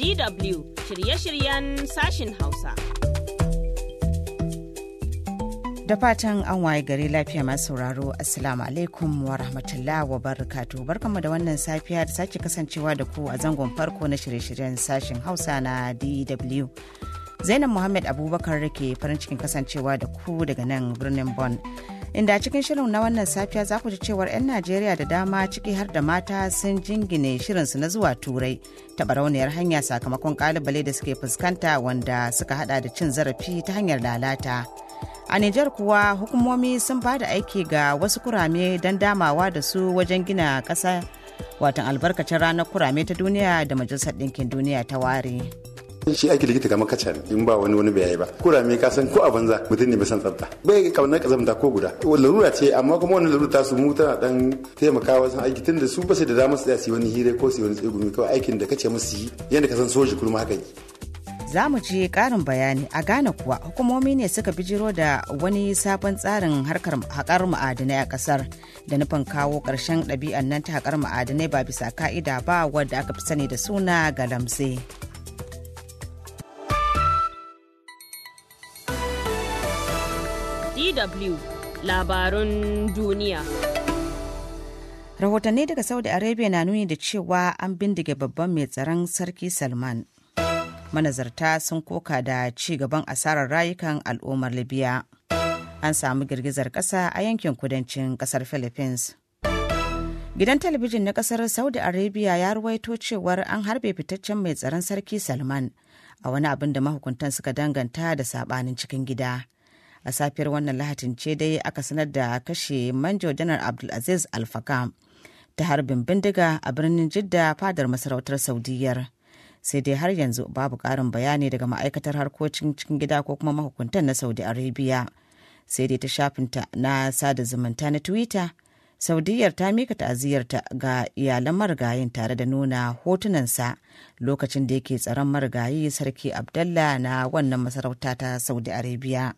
DW shirye-shiryen sashin Hausa. Da fatan an waye gari lafiya masu sauraro Assalamu alaikum wa rahmatullah wa barakatu barkanmu da wannan safiya da sake kasancewa da ku a zangon farko na shirye-shiryen sashin Hausa na DW. Zainab Muhammad Abubakar rike farin cikin kasancewa da ku daga nan birnin Bonn. Inda cikin shirin na wannan safiya za ku ji cewar 'yan Najeriya da dama ciki har da mata sun jingine shirinsu na zuwa turai ta barauniyar hanya sakamakon kalubale da suke fuskanta wanda suka hada da cin zarafi ta hanyar lalata. A Nijar kuwa hukumomi sun ba da aiki ga wasu kurame don damawa da su wajen gina ƙasa watan albarkacin ranar kurame ta duniya da Majalisar Ɗinkin Duniya ta ware. shi aiki likita kamar kaca in ba wani wani bai ba me ka san ko a banza mutum ne bai san tsafta bai kaunar kazamta ko guda larura ce amma kuma wani larura ta su mu tana dan taimakawa san aiki tunda su ba su da dama su yi wani hira ko su yi wani tsegumi kawai aikin da kace musu yi yadda ka san soji kuma haka yi za mu je karin bayani a Ghana kuwa hukumomi ne suka bijiro da wani sabon tsarin harkar haƙar ma'adinai a ƙasar da nufin kawo ƙarshen ɗabi'an nan ta haƙar ma'adinai ba bisa ka'ida ba wadda aka fi sani da suna galamse. DW labarun duniya. Rahotanni daga Saudi Arabia na nuni da cewa an bindige babban mai tsaron Sarki Salman. Manazarta sun koka da ci gaban asarar rayukan al'ummar Libya. An samu girgizar ƙasa a yankin kudancin ƙasar Philippines. Gidan talabijin na ƙasar Saudi Arabia ya ruwaito cewar an harbe fitaccen mai tsaron Sarki Salman a wani abin da mahukuntan suka danganta da saɓanin cikin gida. a safiyar wannan lahatin ce dai aka sanar da kashe manjo janar aziz alfakam ta harbin bindiga a birnin jidda fadar masarautar saudiyyar sai dai har yanzu babu karin bayani daga ma'aikatar harkokin cikin gida ko kuma mahukuntan na saudi arabia sai dai ta shafinta na sada zumunta na twitter saudiyyar ta mika ta'aziyarta ga iyalan marigayin tare da nuna hotunansa lokacin da yake tsaron marigayi sarki abdallah na wannan masarauta ta saudi arabia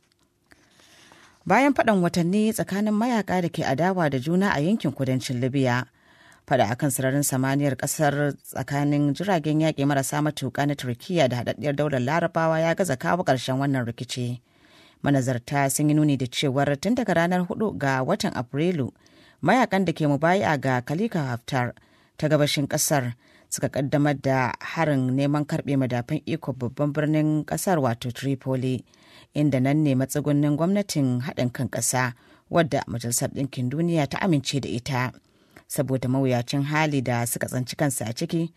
bayan faɗan watanni tsakanin mayaka da ke adawa da juna a yankin kudancin libya fada akan sararin samaniyar kasar tsakanin jiragen yaƙi marasa matuƙa na turkiya da haɗaɗɗiyar daular larabawa ya gaza kawo ƙarshen wannan rikici manazarta sun yi nuni da cewar tun daga ranar 4 ga watan afrilu mayakan da ke mubaya ga kalika haftar ta gabashin ƙasar suka kaddamar da harin neman karbe madafin iko babban birnin kasar wato tripoli inda nan ne matsugunnin gwamnatin haɗin kan ƙasa wadda majalisar ɗinkin duniya ta amince da ita saboda mawuyacin hali da suka tsanci kansa a ciki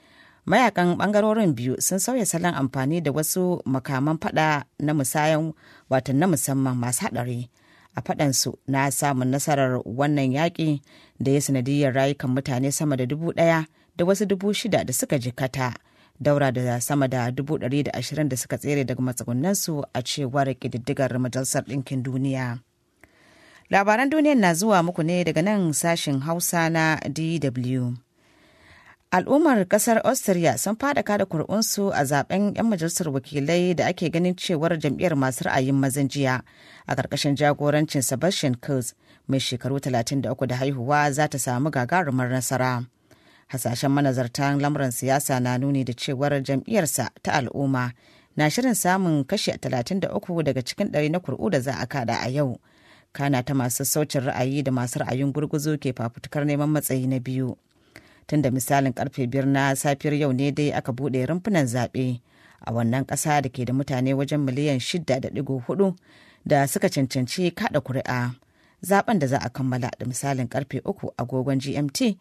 mayakan ɓangarorin biyu sun sauya salon amfani da wasu makaman faɗa na musayan wato na musamman masu haɗari a faɗansu na samun nasarar wannan yaƙi da ya sanadiyar rayukan mutane sama da dubu ɗaya da wasu dubu shida da suka jikata daura da sama da dubu ɗari da ashirin da suka tsere daga su a cewar ƙididdigar majalisar ɗinkin duniya labaran duniyar na zuwa muku ne daga nan sashin hausa na dw al'ummar kasar austria sun fada kada kur'unsu a zaben 'yan majalisar wakilai da ake ganin cewar jam'iyyar masu ra'ayin mazan jiya a ƙarƙashin jagorancin sebastian kurz mai shekaru 33 da haihuwa za ta samu gagarumar nasara hasashen manazartan lamuran siyasa na nuni da cewar jam'iyyarsa ta al'umma na shirin samun kashi 33 daga cikin ɗari na kur'u da za a kada a yau kana ta masu saucin ra'ayi da masu ra'ayin gurguzu ke fafutukar neman matsayi na biyu tun da misalin karfe biyar na safiyar yau ne dai aka buɗe rumfunan zaɓe a wannan ƙasa da ke da mutane wajen miliyan 6.4 da suka cancanci kaɗa kuri'a zaben da za a kammala da misalin karfe uku agogon gmt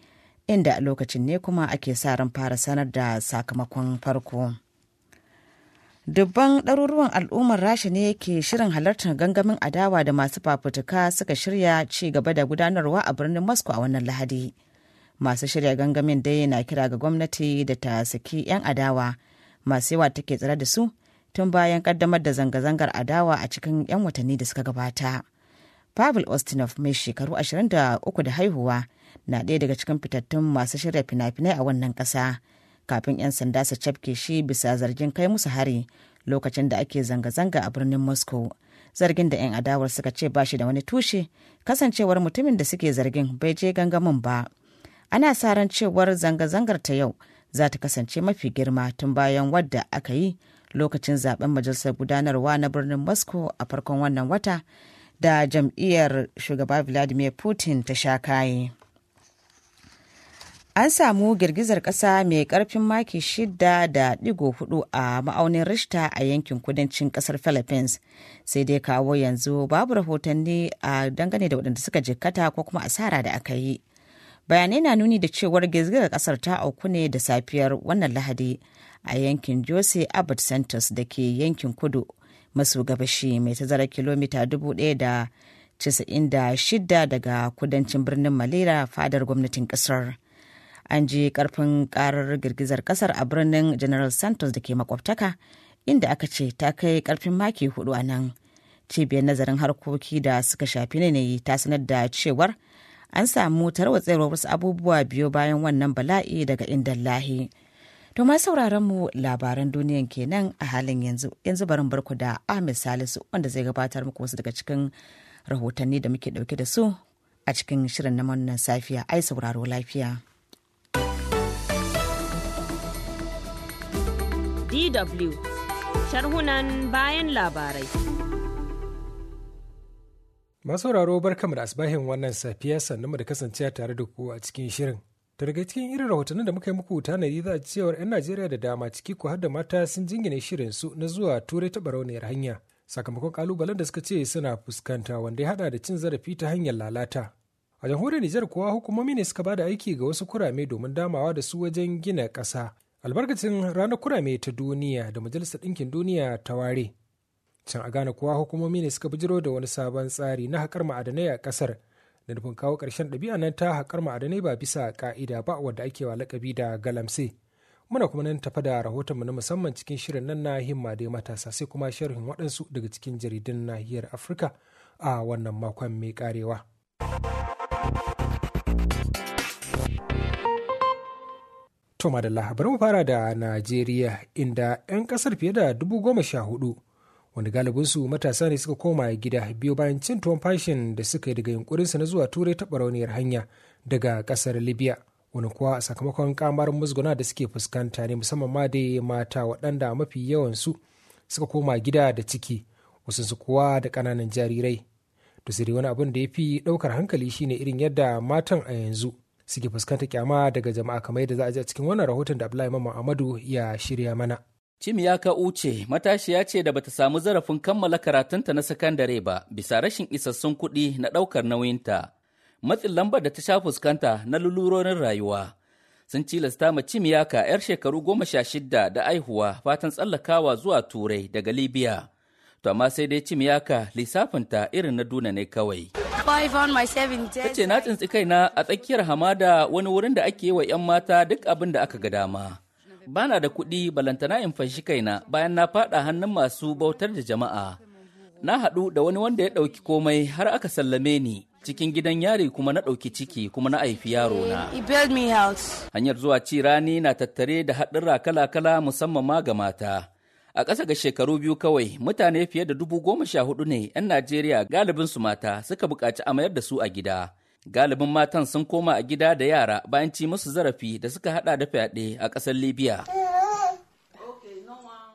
inda a lokacin ne kuma ake sa ran fara sanar da sakamakon farko. dubban ɗaruruwan al'ummar rasha ne ke shirin halartar gangamin adawa da masu fafutuka suka shirya ci gaba da gudanarwa a birnin moscow a wannan lahadi masu shirya gangamin dai na kira ga gwamnati da ta saki 'yan adawa masu yawa take tsare da su tun bayan ƙaddamar da zanga-zangar adawa a cikin 'yan watanni da suka gabata Pavel Ostinov mai shekaru 23 da haihuwa na ɗaya daga cikin fitattun masu shirya fina-finai a wannan ƙasa kafin 'yan sanda su cafke shi bisa zargin kai musu hari lokacin da ake zanga-zanga a birnin Moscow. Zargin da 'yan adawar suka ce ba shi da wani tushe kasancewar mutumin da suke zargin bai je gangamin ba. Ana sa ran cewar zanga-zangar ta yau za ta kasance mafi girma tun bayan wadda aka yi lokacin zaben majalisar gudanarwa na birnin Moscow a farkon wannan wata da jam'iyyar shugaba vladimir putin ta sha kayi an samu girgizar ƙasa mai karfin maki shida da digo hudu a ma'aunin rishta a yankin kudancin ƙasar philippines sai dai kawo yanzu babu rahotanni a dangane da waɗanda suka jikkata ko kuma asara da aka yi bayanai na nuni da cewar girgizar ƙasar ta auku ne da safiyar wannan lahadi a yankin jose abbott santos da ke yankin kudu Masu gabashi mai tazarar kilomita 1,096 daga kudancin birnin Malera fadar gwamnatin kasar. An ji karfin karar girgizar kasar a birnin General Santos da ke makwabtaka inda aka ce ta kai karfin maki hudu a nan. Cibiyar nazarin harkoki da suka shafi ne ta sanar da cewar an samu tarwatsewar wasu abubuwa biyu bayan wannan bala'i daga indan lahi. To ma sauraron mu labaran duniyan kenan a halin yanzu yanzu barin barku da Ahmed Salisu wanda zai gabatar muku wasu daga cikin rahotanni da muke dauke da su a cikin shirin na wannan safiya ai sauraro lafiya. DW sharhunan bayan labarai. Masauraro barkamu da asbahin wannan safiya sannu da kasancewa tare da ku a cikin shirin. To daga cikin irin rahotannin da muka yi muku tanadi za a cewar 'yan Najeriya da dama ciki ko har da mata sun jingine shirin su na zuwa turai ta barauniyar hanya sakamakon kalubalen da suka ce suna fuskanta wanda ya hada da cin zarafi ta hanyar lalata. A jamhuriyar Nijar kuwa hukumomi ne suka bada aiki ga wasu kurame domin damawa da su wajen gina ƙasa. Albarkacin ranar kurame ta duniya da Majalisar Ɗinkin Duniya ta ware. Can a gane kuwa hukumomi ne suka bijiro da wani sabon tsari na haƙar ma'adanai a ƙasar da nufin kawo ƙarshen ɗabi'a nan ta haƙar ma'adanai ba bisa ƙa'ida ba wadda ake wa lakabi da galamse muna kuma nan tafa da rahotonmu na musamman cikin shirin nan na himma dai matasa sai kuma sharhin waɗansu daga cikin jaridun nahiyar afirka a wannan makon mai karewa. To madalla bari mu fara da Najeriya inda 'yan kasar fiye da dubu goma sha hudu wanda galibinsu matasa ne suka koma gida biyo bayan cin tuwon fashin da suka yi daga yunkurinsa na zuwa turai ta barauniyar hanya daga kasar libya wani kuwa sakamakon kamar musguna da suke fuskanta ne musamman ma dai mata waɗanda mafi yawansu suka koma gida da ciki wasu su kuwa da ƙananan jarirai to sai wani abin da ya fi ɗaukar hankali shine irin yadda matan a yanzu suke fuskanta kyama daga jama'a kamar yadda za a ji a cikin wannan rahoton da Abdullahi Mamman Amadu ya shirya mana. Cimiyaka Uce matashiya ce da bata samu zarafin kammala karatunta na sakandare ba bisa rashin isassun kuɗi na ɗaukar nauyinta. Matsin lambar da ta sha fuskanta na lulurorin rayuwa. Sun cilasta ma Cimiyaka 'yar shekaru goma sha shidda da aihuwa fatan tsallakawa zuwa Turai daga Libya. To amma sai dai lissafin lissafinta irin na duna ne kawai. Ta ce na tsintsi kaina a tsakiyar hamada wani wurin da ake yi wa 'yan mata duk abin da aka ga dama. Bana da kuɗi balantana in fashi kaina bayan na faɗa hannun masu bautar da jama'a. Na haɗu da wani wanda ya ɗauki komai har aka sallame ni cikin gidan yari kuma na ɗauki ciki kuma na haifi yaro na. Hanyar zuwa ci rani na tattare da haɗurra kala-kala musamman ma ga mata. A ƙasa ga shekaru biyu kawai mutane fiye da dubu goma sha hudu ne 'yan Najeriya galibinsu mata suka buƙaci a mayar da su a gida. galibin matan sun koma a gida da yara bayan ci musu zarafi da suka hada da fyaɗe a ƙasar libya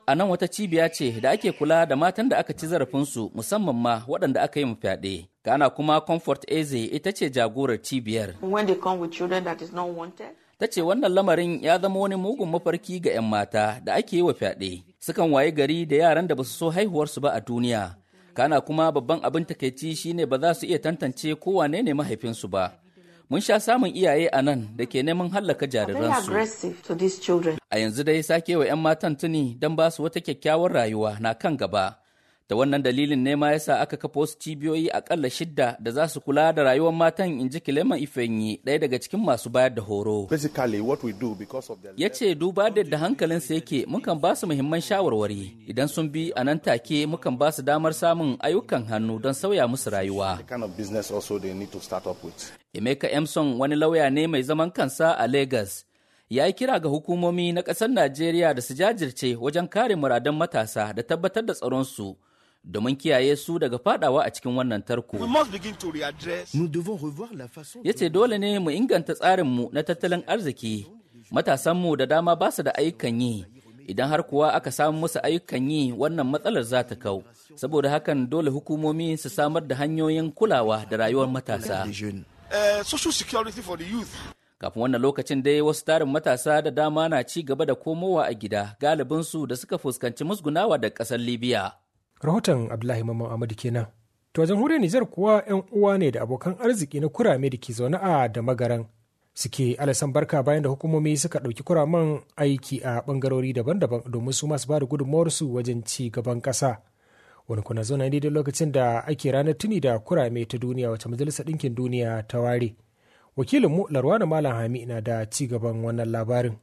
a nan wata cibiya ce da ake kula da matan da aka ci zarafinsu musamman ma waɗanda aka yi mu fyaɗe gana kuma comfort eze ita ce jagorar cibiyar ta ce wannan lamarin ya zama wani mugun mafarki ga 'yan mata da ake yi wa fyaɗe sukan waye gari da yaran da ba su so haihuwarsu ba a duniya kana kuma babban abin takaici shine ba za su iya tantance kowane ne mahaifinsu ba mun sha samun iyaye a nan da ke neman hallaka jariransu a yanzu dai sake wa 'yan matan tuni don ba su wata kyakkyawar rayuwa na kan gaba Da wannan dalilin ne ma yasa aka kafa wasu cibiyoyi akalla shidda da za su kula da rayuwar matan in ji Kilema Ifenyi ɗaya daga cikin masu bayar da horo. Ya ce duba da yadda hankalinsa yake mukan ba su muhimman shawarwari idan sun bi a nan take mukan ba su damar samun ayyukan hannu don sauya musu rayuwa. Emeka Emson wani lauya ne mai zaman kansa a Lagos. ya yi kira ga hukumomi na ƙasar Najeriya da su jajirce wajen kare muradan matasa da tabbatar da tsaronsu domin kiyaye su daga fadawa a cikin wannan tarko. Ya ce dole ne mu inganta tsarinmu na tattalin arziki, matasanmu da dama ba su da ayyukan yi, idan har kuwa aka samu musu ayyukan yi wannan matsalar za ta kau, saboda hakan dole hukumomi su samar da hanyoyin kulawa da rayuwar matasa. Eh, Kafin wannan lokacin dai wasu tarin matasa da dama na ci gaba da komowa a gida galibinsu da suka fuskanci musgunawa da ƙasar Libya. rahoton abdullahi mamman amadu kenan to jamhuriyar nijar kuwa yan uwa ne da abokan arziki na kurame da ke zaune a da magaran suke alasan barka bayan da hukumomi suka ɗauki kuraman aiki a ɓangarori daban-daban domin su masu ba da gudunmawarsu wajen ci gaban ƙasa wani kuna zaune ne da lokacin da ake ranar tuni da kurame ta duniya wacce majalisar ɗinkin duniya ta ware wakilinmu larwana malam hami na da ci gaban wannan labarin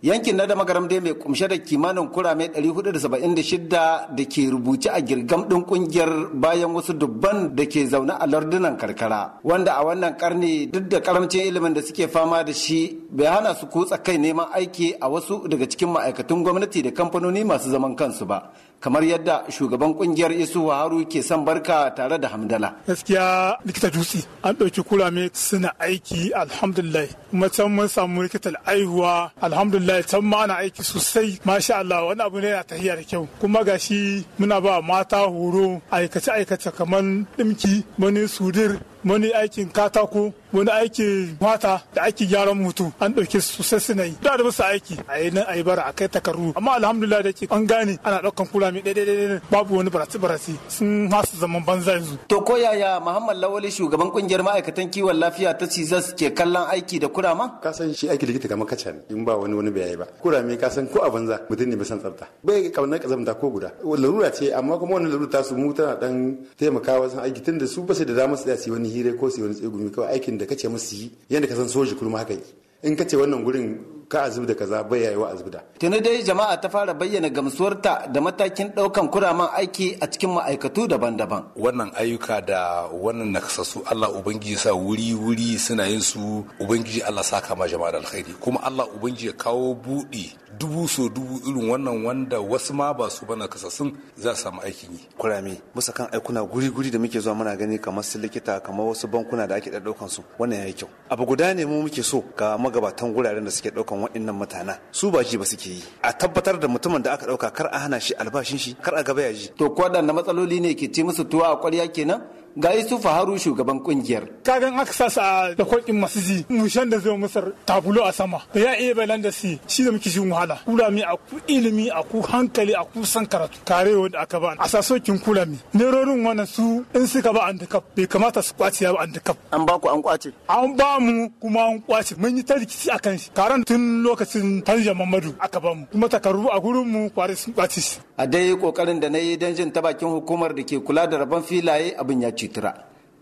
Yankin na da dai mai kumshe da kimanin kurame 476 da ke rubuce a girgam ɗin ƙungiyar bayan wasu dubban da ke zaune a lardunan karkara. Wanda a wannan karni duk da karamcin ilimin da suke fama da shi bai hana su kutsa kai neman aiki a wasu daga cikin ma'aikatun gwamnati da kamfanoni masu zaman kansu ba. kamar yadda shugaban kungiyar isu haru ke son barka tare da hamdala gaskiya likita dutse an ɗauki kurame suna aiki alhamdulillah kuma can mun samu likitan aihuwa alhamdulillah can ma ana aiki sosai masha Allah wani abu ne na tahiya da kyau kuma gashi muna ba mata horo aikace aikace kamar dimki mani sudir wani aikin katako wani aikin mata da aiki gyaran mutu an ɗauki sosai suna yi da musu aiki a yi nan a yi bara a kai takarru amma alhamdulillah da ke an gane ana ɗaukan kula mai ɗaiɗaiɗaiɗai babu wani barasi-barasi sun masu zaman banza yanzu. to ko yaya muhammad lawali shugaban kungiyar ma'aikatan kiwon lafiya ta cizas ke kallon aiki da kurama. ka san shi aiki likita kamar kaca ne in ba wani wani bai ba kurame ka san ko a banza mutum ne bai san tsafta bai kaunar kazamta ko guda larura ce amma kuma wani larura ta su mu tana dan taimakawa san aiki tunda su ba sai da damar su da wani wani hira ko su wani tsegumi kawai aikin da kace musu yi yadda ka san soji kurma haka yi in kace wannan gurin ka a zubda kaza bai yayi wa a zubda. Tuni dai jama'a ta fara bayyana gamsuwarta da matakin ɗaukan kuraman aiki a cikin ma'aikatu daban-daban. Wannan ayyuka da wannan nakasassu Allah Ubangiji sa wuri-wuri suna yin su Ubangiji Allah sa kama jama'a da alkhairi kuma Allah Ubangiji ya kawo buɗi dubu so dubu irin wannan wanda wasu ma ba su bana kasassun za su samu aikin yi. Kurame, musa kan aikuna guri-guri da muke zuwa muna gani kamar su likita kamar wasu bankuna da ake ɗaukan su wannan ya yi kyau. Abu guda ne mu muke so ga magabatan guraren da suke ɗaukan akan waɗannan mutanen su ba ji ba suke yi a tabbatar da mutumin da aka ɗauka kar a hana shi albashin shi kar a gaba ya ji to ko matsaloli ne ke ci musu tuwa a ƙwarya kenan ga Yusufu Haru shugaban kungiyar. Kagan aka sa sa da kwalkin masu zi, mushen da zai musar tabulo a sama, da ya iya balan da si, shi da muke shin wahala. Kula mi a ku ilimi, a ku hankali, a ku san karatu, kare wanda aka ba. A sa sokin kula mi. Nerorin wannan su in suka ba andikap, bai kamata su kwace a ba andikap. An ba ku an kwace? An ba mu kuma an kwace. Mun yi ta rikici a kan shi. Karan tun lokacin Tanja Mamadu aka ba mu. Kuma takaru a gurin mu kware sun kwace shi. A dai kokarin da na yi don jin ta bakin hukumar da ke kula da rabon filaye abin ya citra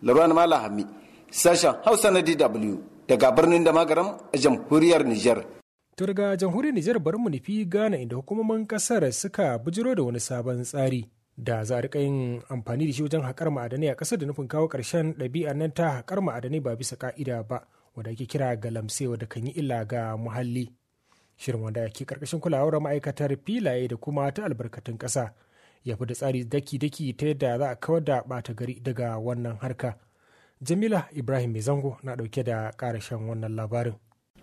laruwan mala hami sashen hausa na dw daga birnin da magaram a jamhuriyar niger to daga jamhuriyar niger bari mu nufi gana inda hukumomin kasar suka bujiro da wani sabon tsari da za a yin amfani da shi wajen haƙar ma'adanai a ƙasar da nufin kawo ƙarshen ɗabi'a nan ta haƙar ma'adanai ba bisa ƙa'ida ba wadda ake kira galamsewa da kan yi illa ga muhalli shirin wanda ke ƙarƙashin kulawar ma'aikatar filaye da kuma ta albarkatun ƙasa ya fi da tsari daki-daki ta yadda za a kawar da ɓata gari daga wannan harka jamila ibrahim mai zango na ɗauke da ƙarashen wannan labarin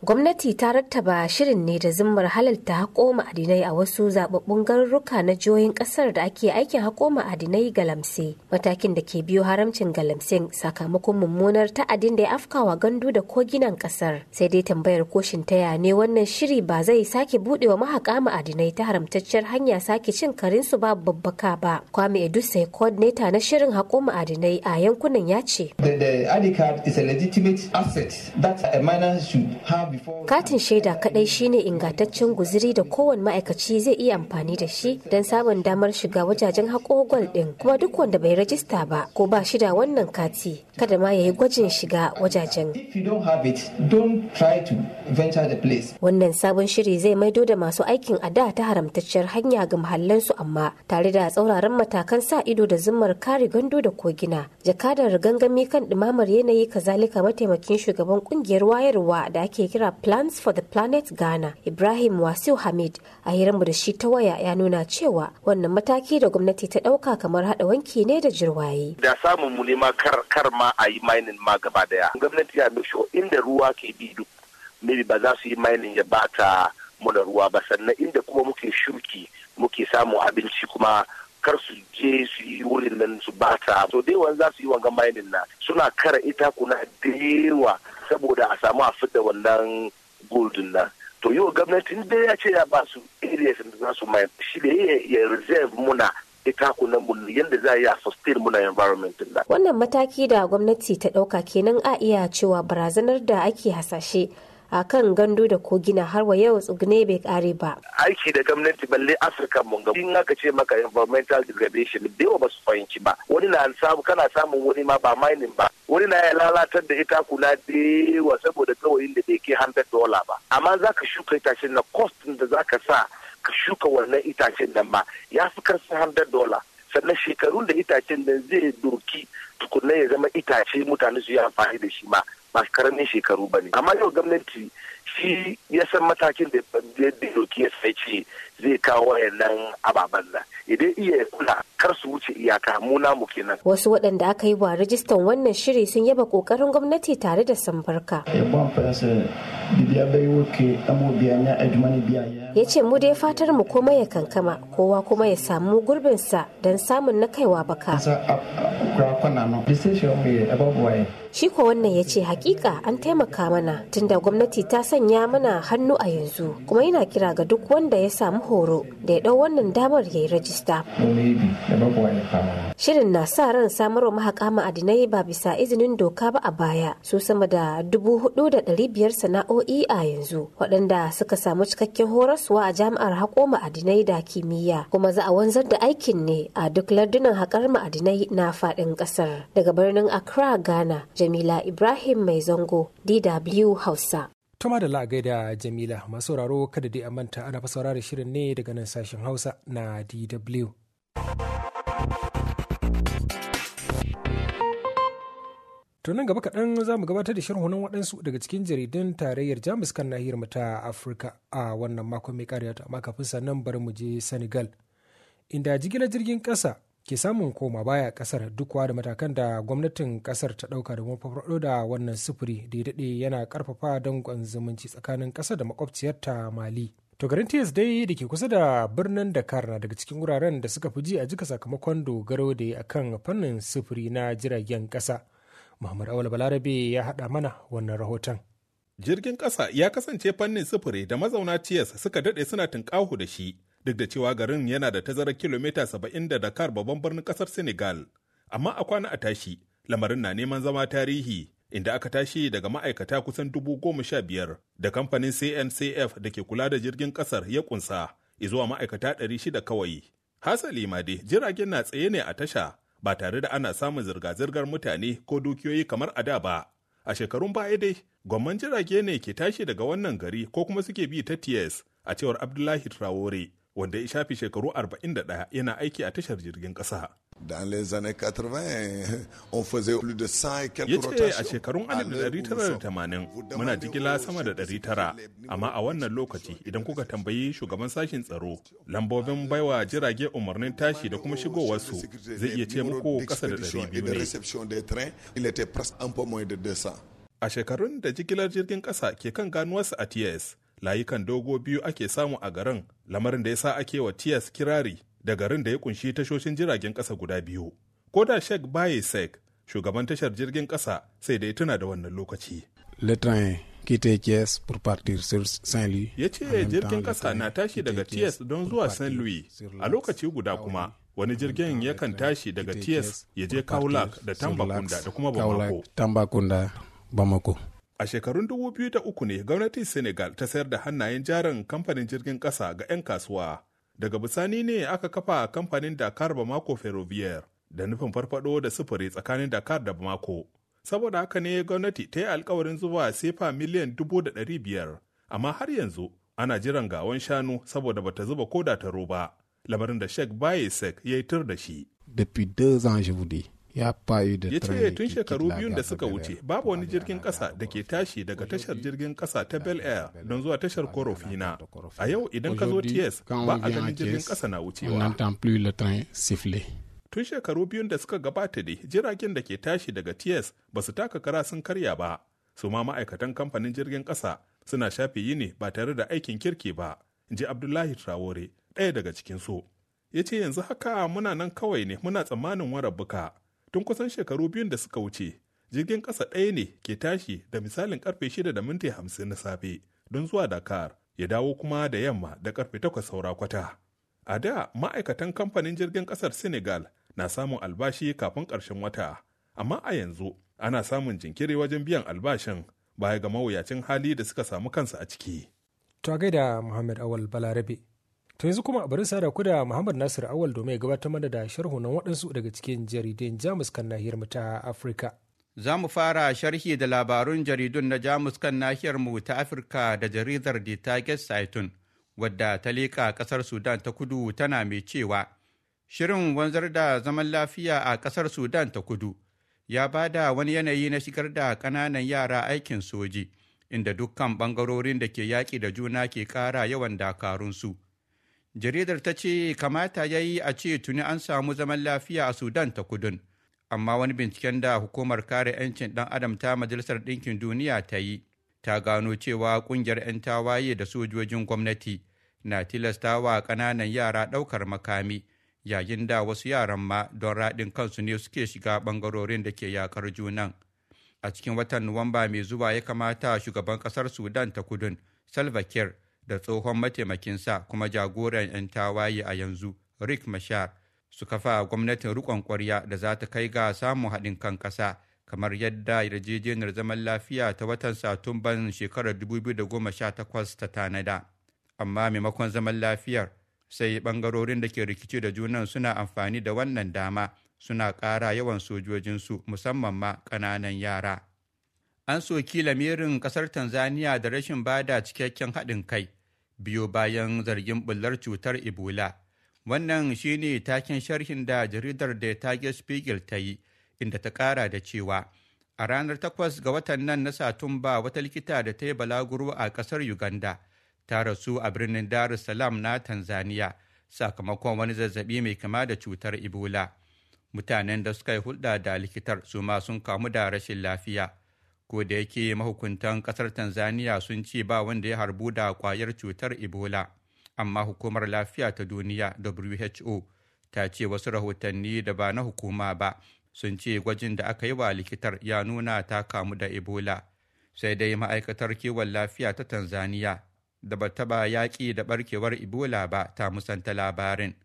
Gwamnati ta rattaba shirin ne da zimmar halalta haƙo ma'adinai a wasu zababbun garuruka na jihohin ƙasar da ake aikin haƙo ma'adinai galamse. Matakin da ke biyo haramcin galamsin sakamakon mummunar ta'adin da ya afkawa gandu da koginan ƙasar. Sai dai tambayar koshin taya ne wannan shiri ba zai sake buɗewa mahaƙa ma'adinai ta haramtacciyar hanya sake cin karin su ba babbaka ba. Kwame edusa coordinator na shirin haƙo ma'adinai a yankunan ya ce. The, the is a legitimate asset that a miner should have Katin shaida kadai shine ingantaccen guziri da kowane ma'aikaci zai iya amfani da shi don samun damar shiga wajajen haƙogol din kuma duk wanda bai rajista ba ko ba shi da wannan kati kada ma ya yi gwajin shiga wajajen. Wannan sabon shiri zai maido da masu aikin a da ta haramtacciyar hanya ga su amma tare da tsauraran matakan sa ido da zummar kare gando da kogina. Jakadar gangami kan ɗumamar yanayi kazalika mataimakin shugaban kungiyar wayarwa da ake kira There plans for the planet Ghana. Ibrahim Wasiu Hamid a hiranmu da shi ta waya ya nuna cewa wannan mataki da gwamnati ta ɗauka kamar haɗa wanki ne da jirwaye. Da samun mu ma kar ma a yi mining ma gaba daya. Gwamnati ya make inda ruwa ke bi duk maybe ba za su yi mining ya bata mu da ruwa ba sannan inda kuma muke shuki muke samun abinci kuma kar su je su yi wurin nan su bata. So da yawan za su yi wanga mining na suna kara ita da yawa saboda a samu a fidda wannan goldin nan to yau gwamnatin da ya ce ya ba su areas da za su mai shi da ya reserve muna ita kuna yadda za a yi a sustain muna environment da. Wannan mataki da gwamnati ta ɗauka kenan a iya cewa barazanar da ake hasashe a kan gandu da kogina har wa yau tsugune bai kare ba. Aiki da gwamnati balle Afirka mun ga in aka ce maka environmental degradation da yawa ba su fahimci ba. Wani na samu kana samun wani ma ba mining ba. Wani na ya lalatar da ita kula da yawa saboda kawai da bai ke 100 dola ba. Amma za ka shuka itacen na cost da za ka sa ka shuka wannan itacen nan ba ya fi karfin 100 dola. sannan shekarun da itacen nan zai doki tukunna ya zama itace mutane su yi amfani da shi ma ba karamin shekaru ba ne amma yau gwamnati shi ya san matakin da doki ya sai ce zai kawo wayannan ababen nan idan iya kula kar su wuce iyaka mu namu kenan wasu waɗanda aka yi wa rajistan wannan shiri sun yaba kokarin gwamnati tare da sambarka eh, ya ce mu dai fatar mu komai ya kankama kowa kuma ya samu gurbinsa don samun na kaiwa baka shi ko wannan ya ce hakika an taimaka mana tunda gwamnati ta sanya mana hannu a yanzu kuma yana kira ga duk wanda ya samu horo da ya dau wannan damar ya yi rajista Shirin na sa ran samarwa mahaƙa ma'adinai ba bisa izinin doka ba a baya su sama da dubu hudu da ɗari biyar sana'o'i a yanzu waɗanda suka samu cikakken horaswa a jami'ar haƙo ma'adinai da kimiyya kuma za a wanzar da aikin ne a duk lardunan haƙar ma'adinai na faɗin ƙasar. Daga birnin Accra, Ghana, Jamila Ibrahim Mai Zango, DW Hausa. Tuma da la'agai da Jamila masu sauraro kada dai a manta ana fa saurara shirin ne daga nan sashen Hausa na DW. To nan gaba kaɗan za mu gabatar da sharhunan waɗansu daga cikin jaridun tarayyar Jamus kan nahiyar mu ta Afirka a wannan makon mai ƙarewa amma kafin sannan bari mu je Senegal. Inda jigilar jirgin ƙasa ke samun koma baya ƙasar dukwa da matakan da gwamnatin ƙasar ta ɗauka da mafafaɗo da wannan sufuri da ya daɗe yana ƙarfafa dangon zumunci tsakanin ƙasa da makwabciyarta Mali. To garin dai da ke kusa da birnin Dakar na daga cikin wuraren da suka fi ji a jika sakamakon dogaro da ya akan fannin sufuri na jiragen ƙasa. Muhammad Awal Balarabe ya haɗa mana wannan rahoton. Jirgin ƙasa ya kasance fannin sufuri da mazauna TS suka daɗe suna tunƙaho da shi, duk da cewa garin yana da tazarar kilomita saba'in da Dakar babban birnin ƙasar Senegal. Amma a kwana a tashi, lamarin na neman zama tarihi, inda aka tashi daga ma'aikata kusan dubu goma sha biyar da kamfanin CNCF da ke kula da jirgin ƙasar ya ƙunsa, izuwa ma'aikata ɗari shida kawai. Hasali ma dai jiragen na tsaye ne a tasha ba tare da ana samun zirga-zirgar mutane ko dukiyoyi kamar a da ba. A shekarun baya dai, gwamnan jirage ne ke tashi daga wannan gari ko kuma suke bi ta TS a cewar Abdullahi Traore, wanda ya shafi shekaru 41 yana aiki a tashar jirgin ƙasa. Dans les années 80, on faisait plus de 100 et quelques rotations. a shekarun 1980 muna jigila sama da 900, amma a wannan lokaci idan kuka tambayi shugaban sashen tsaro, lambobin baiwa jirage umarnin tashi da kuma shigowarsu zai iya ce muku kasa da 200 ne. A shekarun da jigilar jirgin kasa ke kan ganuwarsa a TS, layukan dogo biyu ake samu a garin, lamarin da ya sa ake wa TS kirari da garin da ya kunshi tashoshin jiragen ƙasa guda biyu. Ko da Sheikh Baye Sek, shugaban tashar jirgin ƙasa sai da ya tuna da wannan lokaci. Ya ce jirgin ƙasa na tashi daga ts don zuwa Saint-Louis a lokaci guda ah kuma wani jirgin yakan tashi daga ts ya je Kaulak da Tambakunda da kuma Bamako. Tambakunda, Bamako. A shekarun 2003 ne gwamnatin Senegal ta sayar da hannayen jarin kamfanin jirgin ƙasa ga 'yan kasuwa. Daga bisani ne aka kafa kamfanin Dakar Bamako Ferroviaire da nufin farfado da sufuri tsakanin Dakar da mako Saboda haka ne gwamnati ta yi alkawarin zuba sefa miliyan dubu da ɗari biyar, amma har yanzu ana jiran gawan shanu saboda bata zuba ko da taro ba. Lamarin da Sheikh Baye Sek ya yi tur da shi. Depuis deux ans, je vous dis, ya ce tun shekaru biyu da suka wuce babu wani jirgin kasa da ke tashi daga tashar jirgin kasa ta bel air don zuwa tashar korofina a yau idan ka zo ts ba a ganin jirgin kasa na wucewa tun shekaru biyu da suka gabata dai jiragen da ke tashi daga ts ba su taka kara sun karya ba su ma ma'aikatan kamfanin jirgin kasa suna shafe yini ba tare da aikin kirki ba in ji abdullahi traore ɗaya daga cikinsu ya ce yanzu haka muna nan kawai ne muna tsammanin warabbuka tun kusan shekaru biyun da suka wuce jirgin ƙasa ɗaya ne ke tashi da misalin ƙarfe shida da minti hamsin na safe don zuwa dakar ya dawo kuma da yamma da ƙarfe takwas saura kwata a da ma'aikatan kamfanin jirgin ƙasar senegal na samun albashi kafin ƙarshen wata amma a yanzu ana samun jinkiri wajen biyan albashin baya ga mawuyacin hali da suka samu kansa a ciki. To gaida Muhammad Awal Balarabe. To yanzu kuma a bari sada ku da Muhammad Nasir Awal domin ya gabatar mana da na waɗansu daga cikin jaridun Jamus kan nahiyar mu ta Afirka. Za mu fara sharhi da labarun jaridun na Jamus kan nahiyar mu ta Afirka da jaridar the Die Saitun, wadda ta leƙa ƙasar Sudan ta kudu tana mai cewa shirin wanzar da zaman lafiya a ƙasar Sudan ta kudu ya bada wani yanayi na shigar da ƙananan yara aikin soji inda dukkan ɓangarorin da ke yaƙi da juna ke ƙara yawan dakarunsu. su. jaridar ta ce kamata ya yi a ce tuni an samu zaman lafiya a sudan ta kudun amma wani binciken da hukumar kare 'yancin ɗan adam ta majalisar ɗinkin duniya ta yi ta gano cewa ƙungiyar 'yan tawaye da sojojin gwamnati na tilastawa ƙananan yara ɗaukar makami yayin da wasu yaran ma don raɗin kansu ne suke shiga ɓangarorin da ke yakar junan a cikin watan nuwamba mai zuwa ya kamata shugaban ƙasar sudan ta kudun salva kiir da tsohon mataimakinsa kuma jagoran 'yan tawaye a yanzu rick mashar su kafa gwamnatin rikon kwarya da za ta kai ga samun haɗin kan ƙasa kamar yadda yarjejeniyar zaman lafiya ta watan satumban shekarar 2018 ta tanada amma maimakon zaman lafiyar sai ɓangarorin da ke rikici da junan suna amfani da wannan dama suna ƙara yawan sojojinsu musamman ma ƙananan yara. an soki lamirin kasar tanzania da rashin bada cikakken haɗin kai biyo bayan zargin bullar cutar ebola wannan shine taken sharhin da jaridar da tage spiegel ta yi inda ta ƙara da cewa a ranar takwas ga watan nan na satumba wata likita da ta yi balaguro a ƙasar uganda ta rasu a birnin dar es salaam na tanzania sakamakon wani zazzabi mai kama da cutar ebola mutanen da suka yi hulɗa da likitar su ma sun kamu da rashin lafiya ko da yake mahukuntan kasar tanzania sun ce ba wanda ya harbu da kwayar cutar ebola amma hukumar lafiya ta duniya who ta ce wasu rahotanni da ba na hukuma ba sun ce gwajin da aka yi wa likitar ya nuna ta kamu da ebola sai dai ma'aikatar kiwon lafiya ta tanzania da ba taba yaƙi da barkewar ebola ba ta musanta labarin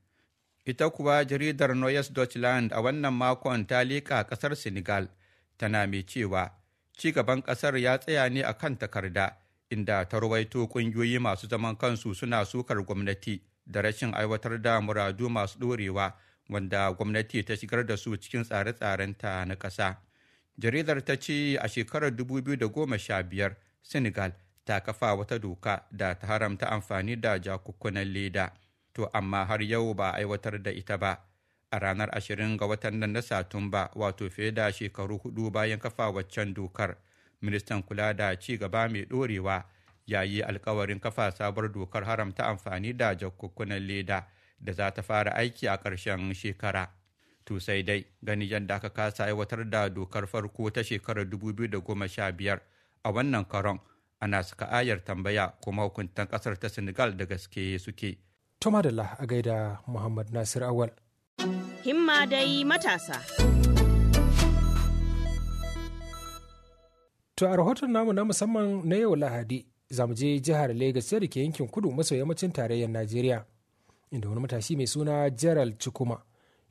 ita kuwa jaridar noyes Deutschland a wannan makon ta leƙa ƙasar Senegal tana mai cewa ci gaban ƙasar ya tsaya ne a kan takarda inda ta rawaito ƙungiyoyi masu zaman kansu suna sukar gwamnati da rashin aiwatar da muradu masu ɗorewa wanda gwamnati ta shigar da su cikin tsare tsaren ta na ƙasa. Jaridar ta ce a shekarar 2015 Senegal ta kafa wata doka da ta haramta amfani da jakukkunan leda, to amma har yau ba aiwatar da ita ba. a ranar 20 ga watan nan na Satumba wato fiye da shekaru hudu bayan kafa waccan dokar. Ministan kula da ci gaba mai dorewa ya yi alkawarin kafa sabuwar dokar haramta amfani da jakukkunan leda da za ta fara aiki a ƙarshen shekara. To sai dai gani yadda aka kasa aiwatar da dokar farko ta shekarar 2015 a wannan karon ana suka ayar tambaya kuma hukuntan kasar ta Senegal da gaske suke. Tomadala a gaida Muhammad Nasir Awal. Himma dai matasa. To a rahoton namu na musamman na yau Lahadi zamu je jihar Legas da ke yankin kudu maso yammacin tarayyar Najeriya inda wani matashi mai suna Gerald Chukuma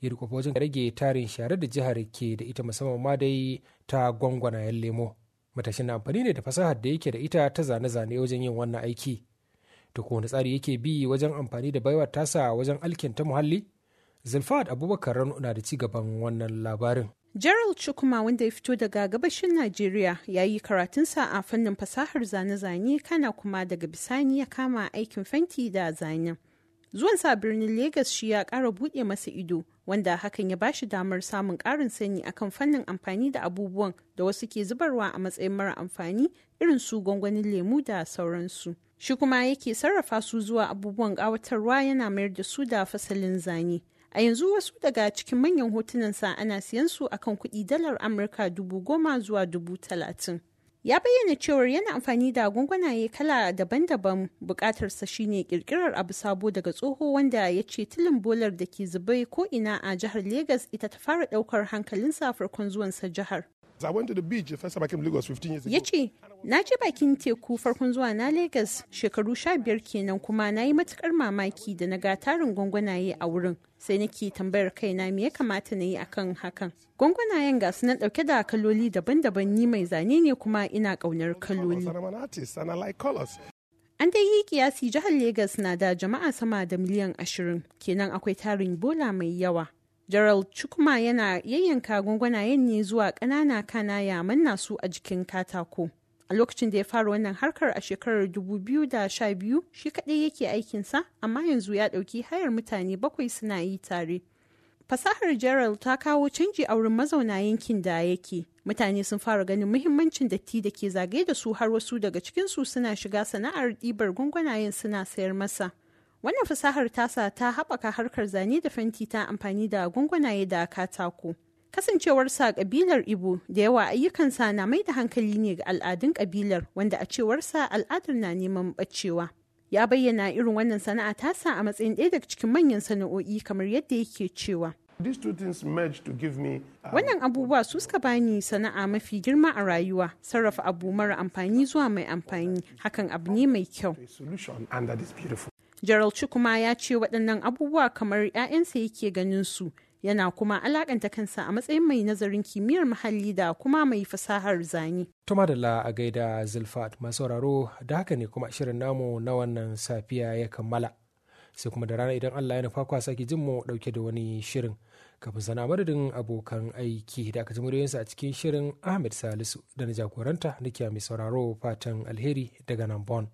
ya rikofa wajen rage tarin share da jihar ke da ita musamman ma dai ta gwangwanayen lemo. Matashin na amfani ne da fasahar da yake da ita ta zane-zane wajen yin wannan aiki. To ko wani tsari yake bi wajen amfani da baiwar tasa wajen alkinta muhalli? Zulfat Abubakar Rano na da ci gaban wannan labarin. Gerald Chukuma wanda ya fito daga gabashin Najeriya ya yi karatunsa a fannin fasahar zane-zane kana kuma daga bisani ya kama aikin fenti da zanen. sa birnin Legas shi ya ƙara buɗe masa ido wanda hakan ya bashi damar samun ƙarin sani akan fannin amfani da abubuwan da wasu ke zubarwa a matsayin mara amfani irin su gwangwanin lemu da sauransu. Shi kuma yake sarrafa su zuwa abubuwan ƙawatarwa yana mayar da su da fasalin zane. A yanzu wasu daga cikin manyan hotunansa ana siyan su akan kuɗi dalar Amurka dubu goma zuwa dubu talatin. Ya bayyana cewar yana amfani da gwangwanaye kala daban-daban bukatarsa shine kirkirar abu sabo daga tsoho wanda ya ce tilin bolar da ke zubai ko ina a jihar Legas ita ta fara daukar hankalinsa farkon zuwansa jihar. Ya ce, na je bakin teku farkon zuwa na Legas shekaru sha biyar kenan kuma na yi matukar mamaki da na ga tarin gwangwanaye a wurin. Sai nake tambayar kaina me ya kamata na yi akan hakan. Gwangwanayen ga su na ɗauke da kaloli daban-daban ni mai zane ne kuma ina kaunar kaloli. An dai yi kiyasi jihar Legas na da jama'a sama da miliyan ashirin kenan akwai tarin bola mai yawa. Gerald Chukuma yana yayyanka gwangwanayen ne zuwa ƙanana kana ya manna su a jikin katako. A lokacin da ya fara wannan harkar a shekarar 2012 shi kaɗai yake aikinsa, amma yanzu ya ɗauki hayar mutane bakwai suna yi tare. Fasahar Gerald ta kawo canji a wurin mazauna yankin da yake. Mutane sun fara ganin muhimmancin datti da ke zagaye da su har wasu daga cikinsu suna shiga sana'ar ɗibar gwangwanayen suna sayar masa. Wannan fasahar tasa ta haɓaka harkar zane da fenti ta amfani da gwangwanaye da katako. Kasancewarsa ƙabilar Ibo da yawa ayyukansa na mai da hankali ne ga al'adun ƙabilar wanda a cewarsa al'adar na neman ɓacewa. Ya bayyana irin wannan sana'a tasa a matsayin ɗaya daga cikin manyan sana'o'i kamar yadda yake cewa. Um, wannan abubuwa su suka bani sana'a mafi girma a rayuwa, sarrafa abu mara amfani zuwa mai amfani, hakan abu ne mai kyau. Gerald Chukuma ya ce waɗannan abubuwa kamar 'ya'yansa yake ganin su yana kuma alakanta kansa a matsayin mai nazarin kimiyyar muhalli da kuma mai fasahar zane. Tuma da la a gaida Zulfat masauraro da haka ne kuma shirin namu na wannan safiya ya kammala. Sai kuma da rana idan Allah ya nufa kwa sake jin mu dauke da wani shirin. Kafin sana madadin abokan aiki da aka ji muryoyinsa a cikin shirin Ahmed Salisu da na jagoranta nake mai sauraro fatan alheri daga nan Bon.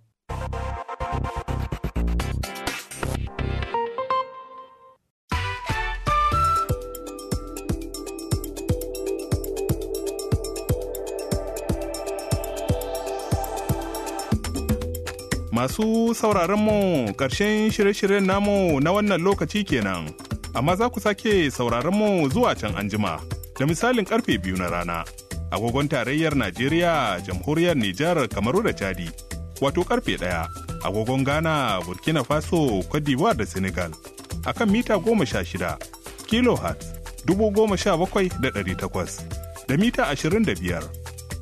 Masu sauraron mu ƙarshen shirye-shiryen namu na wannan lokaci kenan, amma za ku sake sauraron mu zuwa can anjima da misalin karfe biyu na rana. Agogon tarayyar Najeriya, jamhuriyar Nijar, Kamaru da Chadi, wato karfe ɗaya. Agogon Ghana, Burkina Faso, Cote d'Ivoire da Senegal. akan mita goma sha shida, kilohertz dubu goma sha bakwai da ɗari takwas, da mita ashirin da biyar,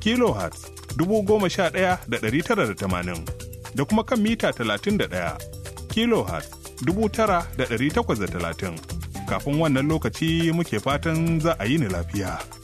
kilohertz dubu goma sha ɗaya da ɗari tara da tamanin. da kuma kan mita 31 kilohertz 9830 kafin wannan lokaci muke fatan za a yi ni lafiya.